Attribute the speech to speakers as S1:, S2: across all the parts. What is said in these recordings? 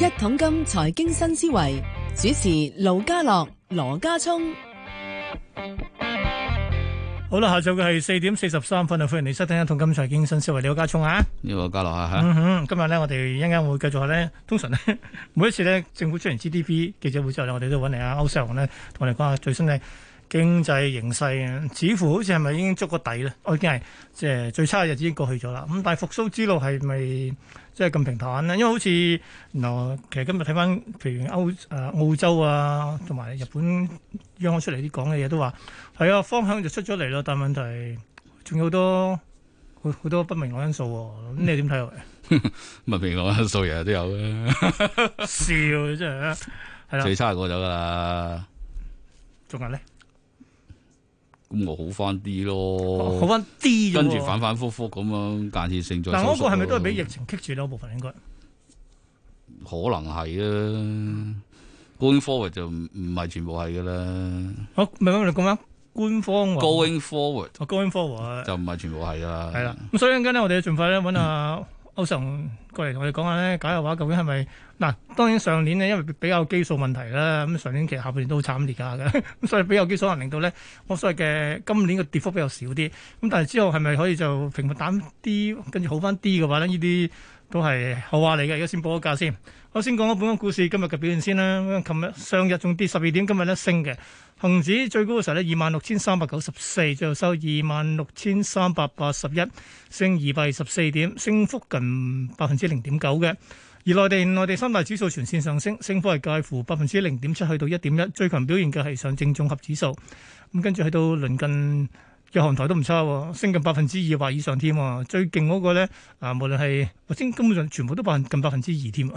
S1: 一桶金財經新思維，主持盧家樂、羅家聰。
S2: 好啦，下晝嘅係四點四十三分啊！ 歡迎你收聽一桶金財經新思維，你好家聰啊，
S1: 你好家樂啊， 嗯哼，
S2: 今日咧我哋一陣間會繼續咧，通常咧每一次咧政府出完 GDP 記者會之後咧，我哋都揾嚟阿歐 Sir 咧同我哋講下最新嘅。經濟形勢啊，似乎好似係咪已經捉個底咧？我已經係即係最差嘅日子已經過去咗啦。咁但係復甦之路係咪即係咁平坦咧？因為好似嗱，其實今日睇翻譬如歐誒澳洲啊，同埋日本央行出嚟啲講嘅嘢都話，係啊方向就出咗嚟咯。但係問題仲有好多好好多不明朗因素喎。咁你點睇落去啊？
S1: 不明朗因素日日都有啦。
S2: 笑真係係啦。最差過咗㗎啦。仲有咧？
S1: 咁我好翻啲咯，哦、好翻啲，跟住反反覆覆咁樣間歇性再但嗰個係咪都係俾
S2: 疫情棘住咧？一部分應該
S1: 可能係啊，going forward 就唔唔係全部係噶啦。好、
S2: 哦，明，你講咩？Going forward，going
S1: forward,、哦、going forward 就唔係全部係啦。係啦，咁
S2: 所以陣間咧，我哋要儘快咧揾下。嗯歐生過嚟同我哋講下咧，假嘅話究竟係咪嗱？當然上年咧，因為比較基數問題啦。咁上年其實下半年都好慘跌價嘅，咁所以比較基數，能令到咧我所謂嘅今年嘅跌幅比較少啲。咁但係之後係咪可以就平復淡啲，跟住好翻啲嘅話咧？呢啲都係好話嚟嘅，而家先報個價先。我先講下本港股市今日嘅表現先啦。琴日上日仲跌十二點，今日咧升嘅。恒指最高嘅時候咧二萬六千三百九十四，最後收二萬六千三百八十一，升二百二十四點，升幅近百分之零點九嘅。而內地內地三大指數全線上升，升幅係介乎百分之零點七去到一點一，1 .1，最強表現嘅係上證綜合指數。咁跟住去到鄰近。日韓台都唔差、哦，升近百分之二或以上添。最勁嗰個呢，啊，無論係或根本上全部都百分近百分之二添。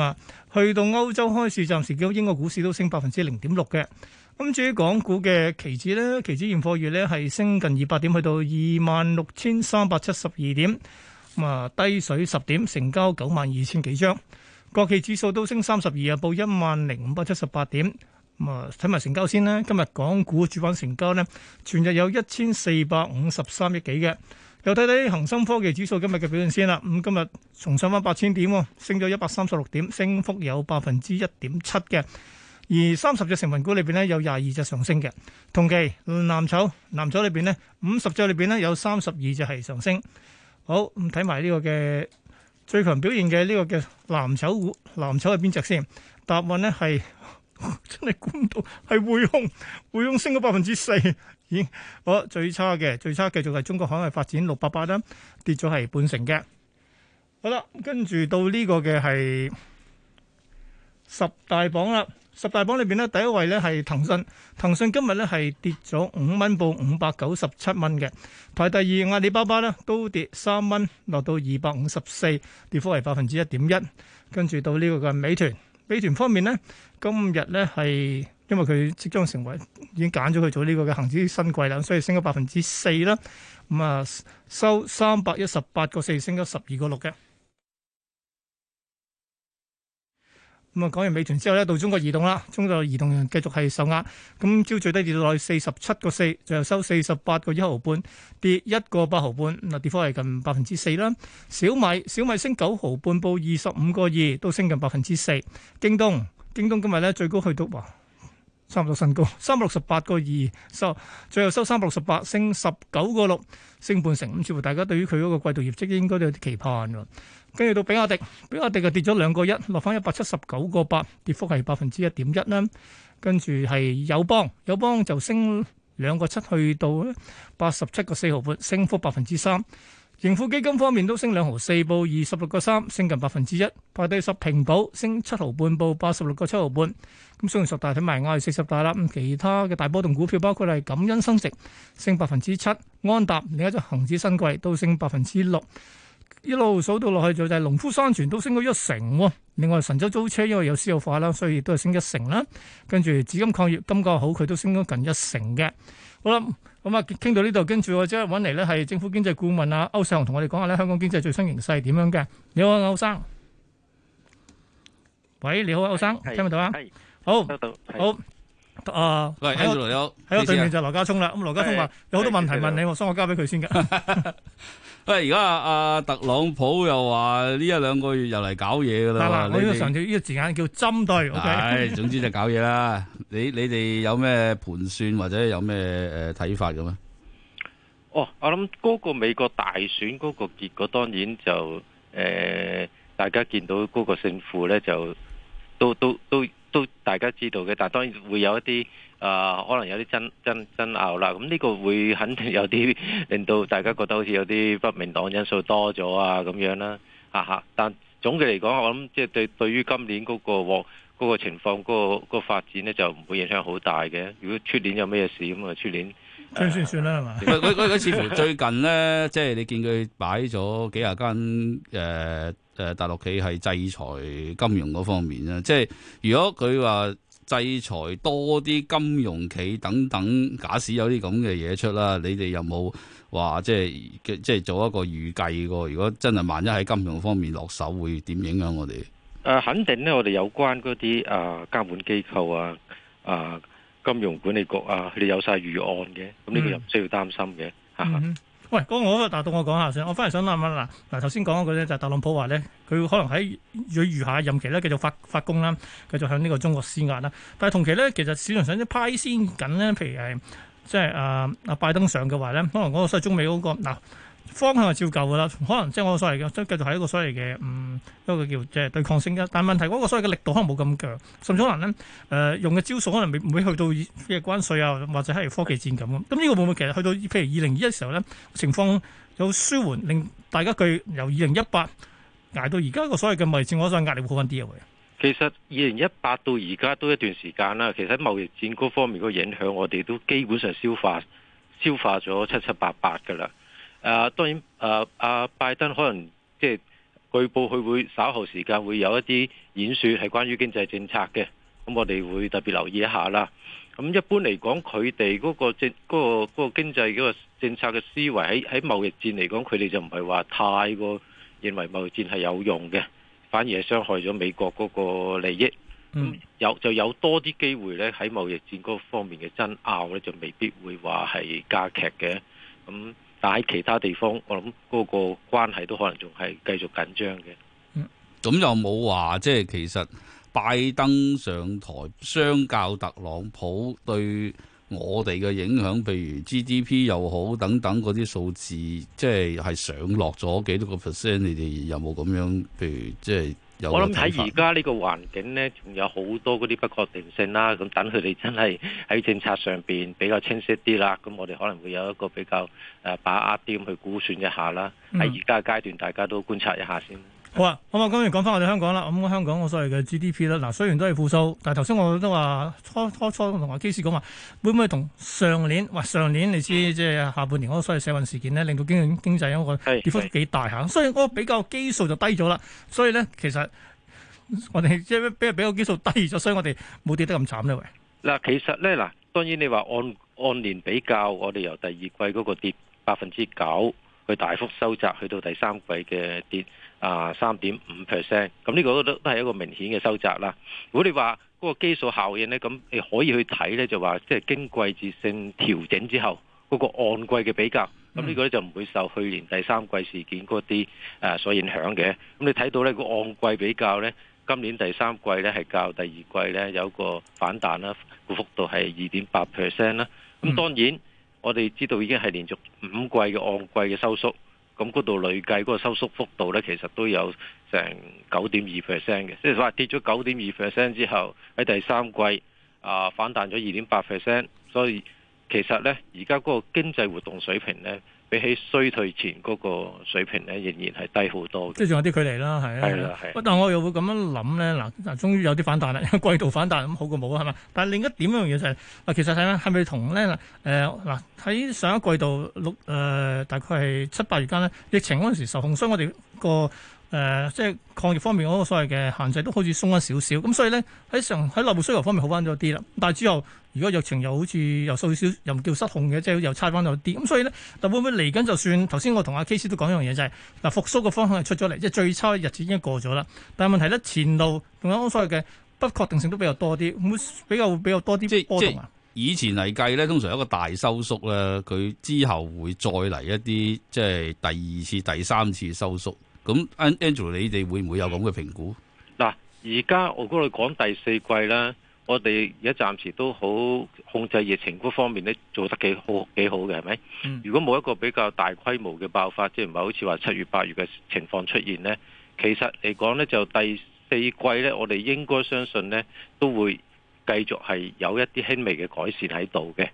S2: 啊，去到歐洲開市，暫時嘅英國股市都升百分之零點六嘅。咁、啊，至於港股嘅期指呢，期指現貨月呢係升近二百點，去到二萬六千三百七十二點。咁啊，低水十點，成交九萬二千幾張。國企指數都升三十二，報一萬零五百七十八點。咁啊，睇埋成交先啦。今日港股主板成交咧，全日有一千四百五十三億幾嘅。又睇睇恒生科技指數今日嘅表現先啦。咁今日重上翻八千點，升咗一百三十六點，升幅有百分之一點七嘅。而三十隻成分股裏邊咧，有廿二隻上升嘅。同期藍籌，藍籌裏邊咧，五十隻裏邊咧，有三十二隻係上升。好，咁睇埋呢個嘅最強表現嘅呢個嘅藍籌股，藍籌係邊隻先？答案咧係。真係估唔到，係匯控，匯控升咗百分之四，咦好，最差嘅，最差繼續係中國海外發展六百八啦，跌咗係半成嘅。好啦，跟住到呢個嘅係十大榜啦，十大榜裏邊呢，第一位呢係騰訊，騰訊今日呢係跌咗五蚊報五百九十七蚊嘅，排第二阿里巴巴呢都跌三蚊，落到二百五十四，跌幅係百分之一點一，跟住到呢個嘅美團。美團方面咧，今日咧係因為佢即將成為，已經揀咗佢做呢個嘅恒指新貴啦，所以升咗百分之四啦，咁啊收三百一十八個四，升咗十二個六嘅。咁啊，講完美團之後咧，到中國移動啦。中國移動繼續係受壓，咁朝最低跌到落去四十七個四，最後收四十八個一毫半，跌一個八毫半。嗱，跌幅係近百分之四啦。小米，小米升九毫半，報二十五個二，都升近百分之四。京東，京東今日咧最高去到哇差唔多新高三百六十八個二收，最後收三百六十八，升十九個六，升半成。咁似乎大家對於佢嗰個季度業績應該都有啲期盼喎。跟住到比亞迪，比亞迪就跌咗兩個一，落翻一百七十九個八，跌幅係百分之一點一啦。跟住係友邦，友邦就升兩個七，去到八十七個四毫半，升幅百分之三。盈富基金方面都升兩毫四，報二十六個三，升近百分之一。排第十，平保升七毫半，報八十六個七毫半。咁所以十大睇埋，我係四十大啦。咁其他嘅大波動股票，包括係感恩生值，升百分之七；安踏，另一隻恒指新貴都升百分之六。一路數到落去就係農夫山泉都升咗一成，另外神州租車因為有私有化啦，所以亦都係升一成啦。跟住紫金礦業金價好，佢都升咗近一成嘅。好啦，咁啊傾到呢度，跟住我即係搵嚟咧，係政府經濟顧問啊歐錫熊同我哋講下咧香港經濟最新形勢係點樣嘅。你好，歐生，喂，你好啊，歐生，聽唔聽到啊？好，收到，好。啊、呃！喺我，我對面就羅家聰啦。咁羅家聰話有好多問題問你，所以我交俾佢先噶 。
S1: 喂，而家阿特朗普又話呢一兩個月又嚟搞嘢噶啦。嗱，我呢個上
S2: 次呢個字眼叫針對。唉、哎，
S1: 總之就搞嘢啦。 你你哋有咩盤算或者有咩誒睇法嘅咩？
S3: 哦，我諗嗰個美國大選嗰個結果，當然就誒、呃、大家見到嗰個勝負咧就都都都都大家知道嘅，但係當然會有一啲誒、呃，可能有啲爭爭爭拗啦。咁、這、呢個會肯定有啲令到大家覺得好似有啲不明朗因素多咗啊，咁樣啦。吓、啊、吓，但係總嘅嚟講，我諗即係對對於今年嗰、那個鑊嗰、哦那個情況嗰、那個、那個發展咧，就唔會影響好大嘅。如果出年有咩事咁啊，出年。
S2: 咁先
S3: 算啦，係嘛？佢佢佢似乎最
S1: 近咧，即係你見佢擺咗幾廿間誒誒大陸企係，制裁金融嗰方面啦。即係如果佢話制裁多啲金融企等等，假使有啲咁嘅嘢出啦，你哋有冇話即係即係做一個預計個？如果真係萬一喺金融方面落手，會點影響我哋？
S3: 誒，肯定咧，我哋有關嗰啲誒監管機構啊，誒。金融管理局啊，佢哋有晒預案嘅，咁呢個又唔需要擔心嘅嚇、
S2: 嗯嗯。喂，嗰、嗰個、我答到我講下先，我翻嚟想諗下嗱嗱頭先講嗰個咧，就係特朗普話咧，佢可能喺佢餘下任期咧繼續發發功啦，繼續向呢個中國施壓啦。但係同期咧，其實市場上一派先緊咧，譬如誒，即係阿阿拜登上嘅話咧，可能嗰個所謂中美嗰、嗰個嗱。方向係照舊㗎啦，可能即係我所謂嘅都繼續係一個所謂嘅嗯一個叫即係、就是、對抗性嘅。但係問題嗰個所謂嘅力度可能冇咁強，甚至可能咧誒用嘅招數可能未唔會去到譬如關稅啊，或者係科技戰咁咁。呢個會唔會其實去到譬如二零二一嘅時候咧，情況有舒緩，令大家佢由二零一八捱到而家個所謂嘅貿易戰，我想壓力會好翻啲嘅。
S3: 其實二零一八到而家都一段時間啦，其實貿易戰嗰方面嘅影響，我哋都基本上消化消化咗七七八八㗎啦。啊，當然，啊啊，拜登可能即係據報佢會稍後時間會有一啲演説係關於經濟政策嘅，咁我哋會特別留意一下啦。咁一般嚟講，佢哋嗰個政嗰個嗰個經濟嗰個政策嘅思維喺喺貿易戰嚟講，佢哋就唔係話太過認為貿易戰係有用嘅，反而係傷害咗美國嗰個利益。咁有就有多啲機會咧喺貿易戰嗰方面嘅爭拗咧，就未必會話係加劇嘅。咁但喺其他地方，我諗嗰個關係都可能仲係繼續緊張嘅。
S1: 咁、嗯、又冇話即係其實拜登上台，相較特朗普對我哋嘅影響，譬如 GDP 又好，等等嗰啲數字，即係係上落咗幾多個 percent？你哋有冇咁樣？譬如即係。我諗喺而家
S3: 呢個環境呢，仲有好多嗰啲不確定性啦。咁等佢哋真係喺政策上面比較清晰啲啦，咁我哋可能會有一個比較誒把握啲咁去估算一下啦。喺而家階段，大家都觀察一下先。
S2: 好啊，咁啊，今日講翻我哋香港啦。咁香港我所謂嘅 GDP 啦，嗱，雖然都係負數，但係頭先我都話初初初同阿基師講話，會唔會同上年？哇，上年你知即係下半年嗰個所謂社運事件咧，令到經濟經濟嗰個跌幅都幾大吓。所以嗰個比較基數就低咗啦。所以咧，其實我哋即係俾比較基數低咗，所以我哋冇跌得咁慘咧。
S3: 嗱，其實咧，嗱，當然你話按按年比較，我哋由第二季嗰個跌百分之九。佢大幅收窄，去到第三季嘅跌啊，三點五 percent。咁呢個都都係一個明顯嘅收窄啦。如果你話嗰個基數效應咧，咁你可以去睇咧，就話即係經季節性調整之後，嗰個按季嘅比較，咁呢個咧就唔會受去年第三季事件嗰啲誒所影響嘅。咁你睇到咧，個按季比較咧，今年第三季咧係較第二季咧有個反彈啦，個幅度係二點八 percent 啦。咁當然。我哋知道已經係連續五季嘅按季嘅收縮，咁嗰度累計嗰個收縮幅度咧，其實都有成九點二 percent 嘅，即係話跌咗九點二 percent 之後，喺第三季啊反彈咗二點八 percent，所以其實咧而家嗰個經濟活動水平咧。比起衰退前嗰個水平咧，仍然係低好多嘅。即係仲有啲距離啦，係啦。係啦，係。
S2: 但我又會咁樣諗咧，嗱嗱，終於有啲反彈啦，季度反彈咁好過冇啊，係嘛？但係另一點樣嘢就係，嗱，其實睇下係咪同咧嗱，誒嗱喺上一季度六誒、呃、大概係七八月間咧，疫情嗰陣時候受控我們的，所以我哋個。誒、呃，即係抗疫方面嗰個所謂嘅限制都好似鬆咗少少，咁所以呢，喺上喺內部需求方面好翻咗啲啦。但係之後，如果疫情又好似又少少，又唔叫失控嘅，即係又差翻咗啲。咁所以呢，但會唔會嚟緊就算頭先我同阿 KC 都講一樣嘢，就係、是、嗱復甦嘅方向係出咗嚟，即係最差嘅日子已經過咗啦。但係問題呢，前路同有所謂嘅不確定性都比較多啲，會,會比較比較多啲波動啊。
S1: 以前嚟計呢，通常一個大收縮呢，佢之後會再嚟一啲，即係第二次、第三次收縮。咁 Angel，你哋會唔會有咁嘅評估？
S3: 嗱，而家我估度講第四季啦，我哋而家暫時都好控制疫情嗰方面咧做得幾好幾好嘅，係咪、嗯？如果冇一個比較大規模嘅爆發，即係唔係好似話七月八月嘅情況出現咧，其實嚟講咧就第四季咧，我哋應該相信咧都會繼續係有一啲輕微嘅改善喺度嘅。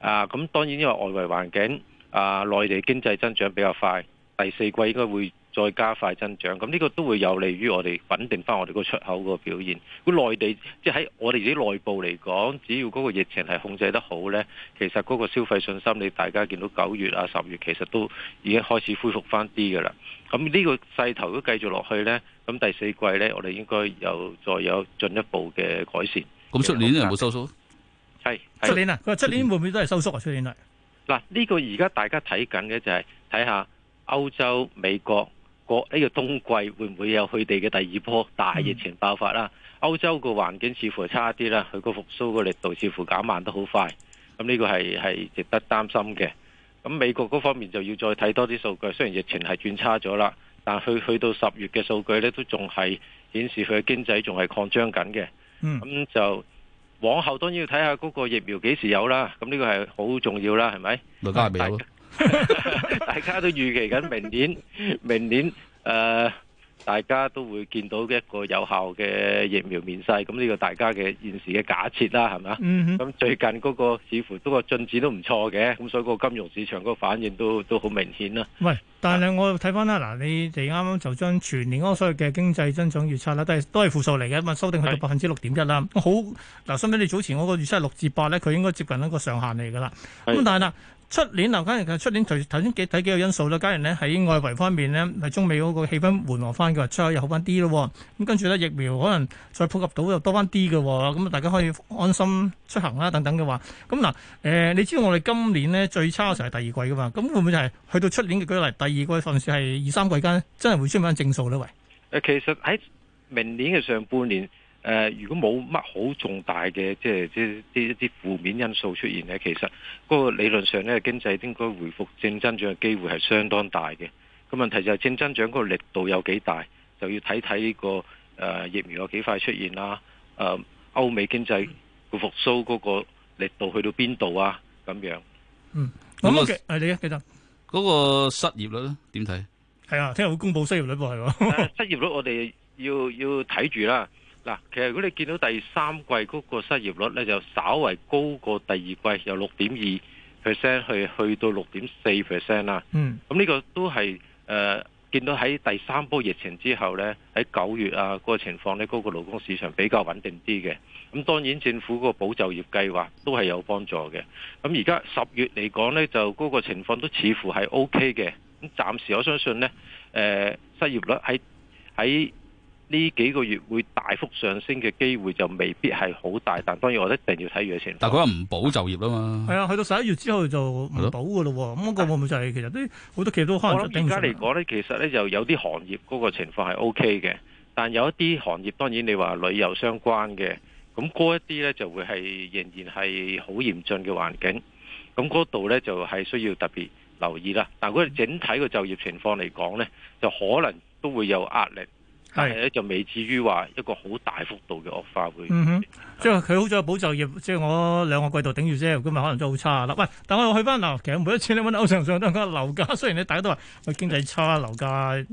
S3: 啊，咁當然因為外圍環境啊，內地經濟增長比較快，第四季應該會。再加快增長，咁呢個都會有利於我哋穩定翻我哋個出口個表現。如果內地即喺、就是、我哋啲內部嚟講，只要嗰個疫情係控制得好呢，其實嗰個消費信心，你大家見到九月啊、十月，月其實都已經開始恢復翻啲嘅啦。咁呢個勢頭都繼續落去呢，咁第四季呢，我哋應該有再有進一步嘅改善。咁出年咧有冇收縮？係出年啊！佢話出年
S2: 會唔會都係收縮啊？出年啊！
S3: 嗱，呢個而家大家睇緊嘅就係睇下歐洲、美國。國、這、呢個冬季會唔會有佢哋嘅第二波大疫情爆發啦、嗯？歐洲個環境似乎係差啲啦，佢個復蘇個力度似乎減慢得好快，咁、這、呢個係係值得擔心嘅。咁美國嗰方面就要再睇多啲數據，雖然疫情係轉差咗啦，但去去到十月嘅數據咧都仲係顯示佢嘅經濟仲係擴張緊嘅。咁、嗯、就往後當然要睇下嗰個疫苗幾時有啦。咁、這、呢個係好重要啦，係咪？啊，羅家聰 大家都預期緊明年，明年誒、呃，大家都會見到一個有效嘅疫苗面世，咁呢個大家嘅現時嘅假設啦，係咪？咁、嗯、最近嗰個似乎嗰個進展都唔錯嘅，咁所以個金融市場嗰個反應都都好明顯啦。
S2: 喂，但係我睇翻啦，嗱、啊，你哋啱啱就將全年嗰個所有嘅經濟增長預測啦，都係都係負數嚟嘅，咁啊，修訂去到百分之六點一啦。好，嗱，相比你早前嗰個預測係六至八咧，佢應該接近一個上限嚟噶啦。咁但係嗱。出年樓價，其實出年頭頭先睇幾個因素啦。家人咧喺外圍方面咧，係中美嗰個氣氛緩和翻嘅話，出口又好翻啲咯。咁跟住咧，疫苗可能再普及到又多翻啲嘅，咁大家可以安心出行啦等等嘅話。咁、嗯、嗱，誒、呃，你知道我哋今年咧最差嘅時候係第二季嘅嘛？咁會唔會就係去到出年嘅舉例，第二季甚至係二三季間真係會出現翻正數咧？喂，
S3: 誒，其實喺明年嘅上半年。誒、呃，如果冇乜好重大嘅，即係即係啲一啲負面因素出現咧，其實嗰個理論上咧，經濟應該回復正增長嘅機會係相當大嘅。個問題就係正增長嗰個力度有幾大，就要睇睇呢個誒、呃、疫苗有幾快出現啦。誒、呃，歐美經濟個復甦嗰個力度去到邊度啊？咁樣。嗯，咁啊，係你啊，記得嗰個失業率咧，點睇？係、那
S2: 個、啊，聽日會公布失業率噃，係、啊
S3: 啊、失業率我哋要要睇住啦。嗱，其實如果你見到第三季嗰個失業率咧，就稍為高過第二季，由六點二 percent 去去到六點四 percent 啦。嗯。咁呢個都係誒、呃、見到喺第三波疫情之後咧，喺九月啊、嗰個情況咧，嗰、嗰個勞工市場比較穩定啲嘅。咁當然政府個保就業計劃都係有幫助嘅。咁而家十月嚟講咧，就嗰個情況都似乎係 O K 嘅。咁暫時我相信咧，誒、呃、失業率喺喺呢幾個月會大幅上升嘅機會就未必係好大，但當然我一定要睇住嘅情況先。但佢話唔保就業啊嘛，
S2: 係啊，去到十一月之後就唔保嘅咯。咁個會唔會就係、是、其實啲好多企業都可能頂唔住？而家嚟
S3: 講咧，其實咧就有啲行業嗰個情況係 O K 嘅，但有一啲行業當然你話旅遊相關嘅咁嗰一啲咧就會係仍然係好嚴峻嘅環境。咁嗰度咧就係需要特別留意啦。但嗰個整體嘅就業情況嚟講咧，就可能都會有壓力。係咧，就未至於話一個好大幅度嘅惡化會。
S2: 嗯哼，即係佢好在有保就業，即、就、係、是、我兩個季度頂住啫。咁日可能都好差啦。喂，但我又去翻嗱。其實每一次你揾到歐生都講樓價，雖然你大家都話個經濟差，樓價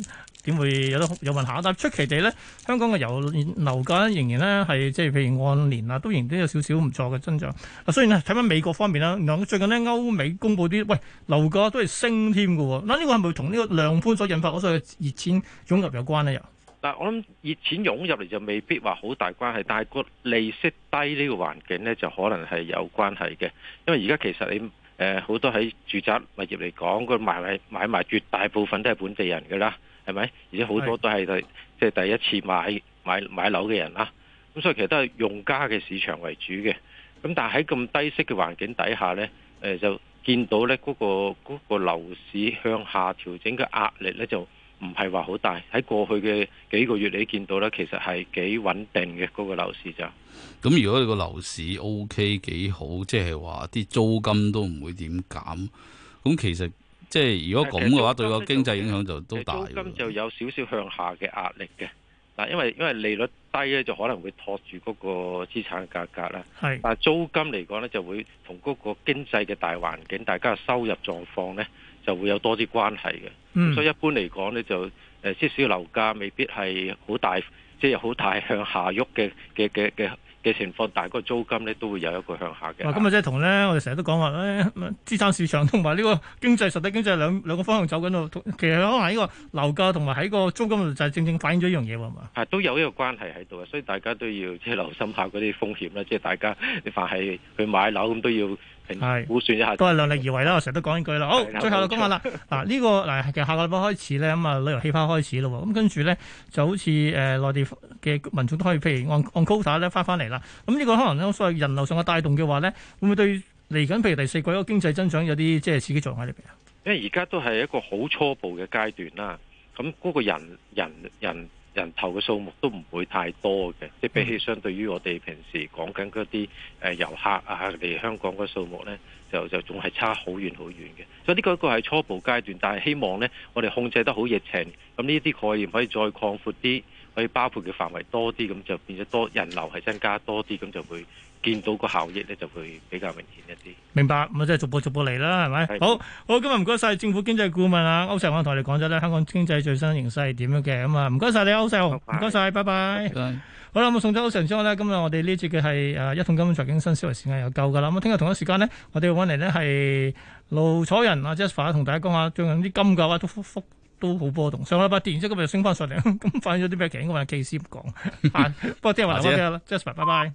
S2: 點會有得有問下？但出奇地咧，香港嘅油樓價仍然咧係即係譬如按年啊，都仍然都有少少唔錯嘅增長。啊，雖然咧睇翻美國方面啦，最近呢，歐美公布啲喂樓價都係升添㗎。嗱，呢個係咪同呢個量寬所引發嗰個熱錢湧入有關咧？又？
S3: 但我諗熱錢湧入嚟就未必話好大關係，但係個利息低呢個環境呢，就可能係有關係嘅。因為而家其實你誒，好多喺住宅物業嚟講，佢買賣買賣絕大部分都係本地人噶啦，係咪？而且好多都係第即係第一次買買買樓嘅人啦。咁所以其實都係用家嘅市場為主嘅。咁但係喺咁低息嘅環境底下呢，誒，就見到呢，嗰個嗰個樓市向下調整嘅壓力呢，就。唔係話好大，喺過去嘅幾個月你見到咧，其實係幾穩定嘅嗰個樓市咋
S1: 咁。如果你個樓市 O K 幾好，即係話啲租金都唔會點減。咁其實即係如果咁嘅話，對個經濟影響就都大。
S3: 咁就有少少向下嘅壓力嘅。嗱，因為因為利率低呢，就可能會托住嗰個資產價格啦。但係租金嚟講呢，就會同嗰個經濟嘅大環境、大家嘅收入狀況呢。就會有多啲關係嘅，咁、嗯、所以一般嚟講咧就誒、即、呃、使樓價未必係好大，即係好大向下喐嘅嘅嘅嘅嘅情況，但係個租金咧都會有一個向下嘅。咁今日即係同
S2: 咧，我哋成日都講話咧、哎，資產市場同埋呢個經濟實體經濟兩兩個方向走緊度，其實可能呢個樓價同埋喺個租金度就係正正反映咗一樣嘢喎，係嘛？
S3: 啊，都有呢個關係喺度嘅。所以大家都要即係留心下嗰啲風險啦。即、就、係、是、大家你凡係去買樓咁都要。係估算一下，都係量力而為啦。我成日都講呢句啦。好，最後就講下啦。
S2: 嗱、啊，呢、呢個嗱，其實下個禮拜開始咧，咁啊旅遊氣氛開始咯。咁跟住咧，就好似誒、呃、內地嘅民眾都可以，譬如按按 quota 咧返返嚟啦。咁呢個可能所謂人流上嘅帶動嘅話咧，會唔會對嚟緊譬如第四季嗰個經濟增長有啲即係刺激作用喺裡邊啊？
S3: 因為而家都係一個好初步嘅階段啦。咁嗰個人人人。人人頭嘅數目都唔會太多嘅，即比起相對於我哋平時講緊嗰啲誒遊客啊嚟香港嗰個數目呢，就就仲係差好遠好遠嘅。所以呢個一個係初步階段，但係希望呢我哋控制得好疫情，咁呢啲概念可以再擴闊啲。可以包括嘅範圍多啲，咁就變咗多人流係增加多啲，咁就會見到個效益咧，就會比較明顯一啲。
S2: 明白，咁啊，即係逐步逐步嚟啦，係咪？好好，今日唔該晒政府經濟顧問啊，歐 Sir，我同你講咗咧，香港經濟最新形勢係點樣嘅，咁啊，唔該晒你，歐 Sir，唔該晒，拜拜。好啦，咁送走歐 Sir 之後呢，今日我哋呢節嘅係誒一桶金財經新思維時間又夠噶啦。咁啊，聽日同一時間呢，我哋揾嚟呢係羅家聰啊 Jesper 同大家講下最近啲金價啊都復復，複都好波動，上個禮拜跌完之後，今日升翻上嚟，咁反映咗啲咩嘅？唔係記者講，個個不， 不過聽日話多啲啦。Jasper 拜拜。